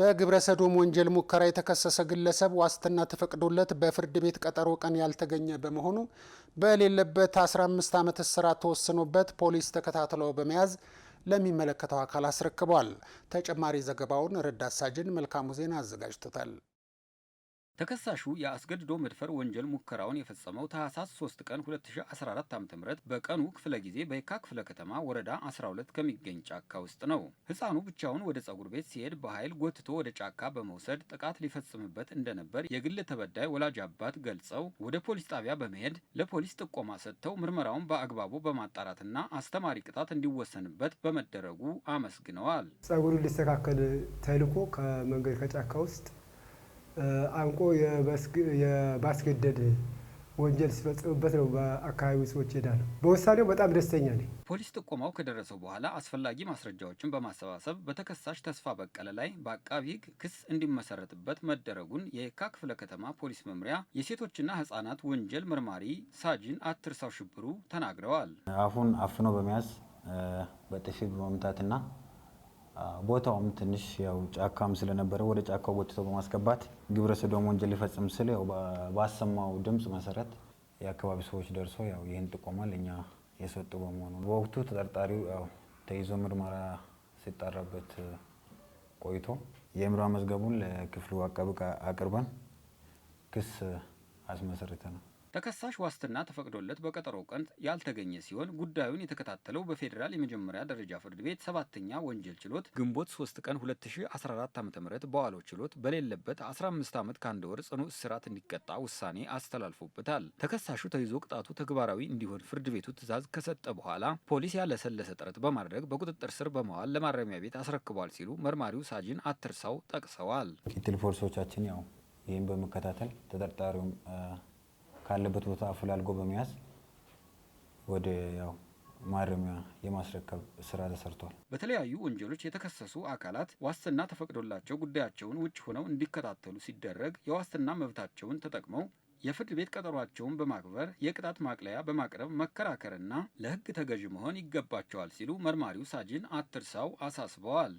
በግብረ ሰዶም ወንጀል ሙከራ የተከሰሰ ግለሰብ ዋስትና ተፈቅዶለት በፍርድ ቤት ቀጠሮ ቀን ያልተገኘ በመሆኑ በሌለበት 15 ዓመት እስራት ተወስኖበት ፖሊስ ተከታትለው በመያዝ ለሚመለከተው አካል አስረክቧል። ተጨማሪ ዘገባውን ረዳት ሳጅን መልካሙ ዜና አዘጋጅቶታል። ተከሳሹ የአስገድዶ መድፈር ወንጀል ሙከራውን የፈጸመው ታህሳስ 3 ቀን 2014 ዓ.ም በቀኑ ክፍለ ጊዜ በየካ ክፍለ ከተማ ወረዳ 12 ከሚገኝ ጫካ ውስጥ ነው። ህፃኑ ብቻውን ወደ ጸጉር ቤት ሲሄድ በኃይል ጎትቶ ወደ ጫካ በመውሰድ ጥቃት ሊፈጽምበት እንደነበር የግል ተበዳይ ወላጅ አባት ገልጸው ወደ ፖሊስ ጣቢያ በመሄድ ለፖሊስ ጥቆማ ሰጥተው ምርመራውን በአግባቡ በማጣራትና አስተማሪ ቅጣት እንዲወሰንበት በመደረጉ አመስግነዋል። ጸጉሩ ሊስተካከል ተልኮ ከመንገድ ከጫካ ውስጥ አንቆ የማስገደድ ወንጀል ሲፈጽምበት ነው በአካባቢው ሰዎች ይሄዳሉ። በውሳኔው በጣም ደስተኛ ነኝ። ፖሊስ ጥቆማው ከደረሰው በኋላ አስፈላጊ ማስረጃዎችን በማሰባሰብ በተከሳሽ ተስፋ በቀለ ላይ በአቃቢ ሕግ ክስ እንዲመሰረትበት መደረጉን የየካ ክፍለ ከተማ ፖሊስ መምሪያ የሴቶችና ሕጻናት ወንጀል መርማሪ ሳጅን አትርሳው ሽብሩ ተናግረዋል። አፉን አፍኖ በመያዝ በጥፊ በመምታትና ቦታውም ትንሽ ያው ጫካም ስለነበረ ወደ ጫካው ጎትቶ በማስገባት ግብረ ሰዶም ወንጀል ሊፈጽም ስል ያው ባሰማው ድምፅ መሰረት የአካባቢ ሰዎች ደርሶ ያው ይህን ጥቆማ ለእኛ የሰጡ በመሆኑ በወቅቱ ተጠርጣሪው ያው ተይዞ ምርመራ ሲጣራበት ቆይቶ የምርመራ መዝገቡን ለክፍሉ አቃቤ አቅርበን ክስ ነው። ተከሳሽ ዋስትና ተፈቅዶለት በቀጠሮ ቀን ያልተገኘ ሲሆን ጉዳዩን የተከታተለው በፌዴራል የመጀመሪያ ደረጃ ፍርድ ቤት ሰባተኛ ወንጀል ችሎት ግንቦት 3 ቀን 2014 ዓ ም በዋለው ችሎት በሌለበት 15 ዓመት ከአንድ ወር ጽኑ እስራት እንዲቀጣ ውሳኔ አስተላልፎበታል። ተከሳሹ ተይዞ ቅጣቱ ተግባራዊ እንዲሆን ፍርድ ቤቱ ትዕዛዝ ከሰጠ በኋላ ፖሊስ ያለሰለሰ ጥረት በማድረግ በቁጥጥር ስር በመዋል ለማረሚያ ቤት አስረክቧል ሲሉ መርማሪው ሳጅን አትርሳው ጠቅሰዋል። ክትል ፖሊሶቻችን ያው ይህም በመከታተል ተጠርጣሪውም ካለበት ቦታ አፈላልጎ በመያዝ ወደ ያው ማረሚያ የማስረከብ ስራ ተሰርቷል። በተለያዩ ወንጀሎች የተከሰሱ አካላት ዋስትና ተፈቅዶላቸው ጉዳያቸውን ውጭ ሆነው እንዲከታተሉ ሲደረግ የዋስትና መብታቸውን ተጠቅመው የፍርድ ቤት ቀጠሯቸውን በማክበር የቅጣት ማቅለያ በማቅረብ መከራከርና ለሕግ ተገዥ መሆን ይገባቸዋል ሲሉ መርማሪው ሳጅን አትርሳው አሳስበዋል።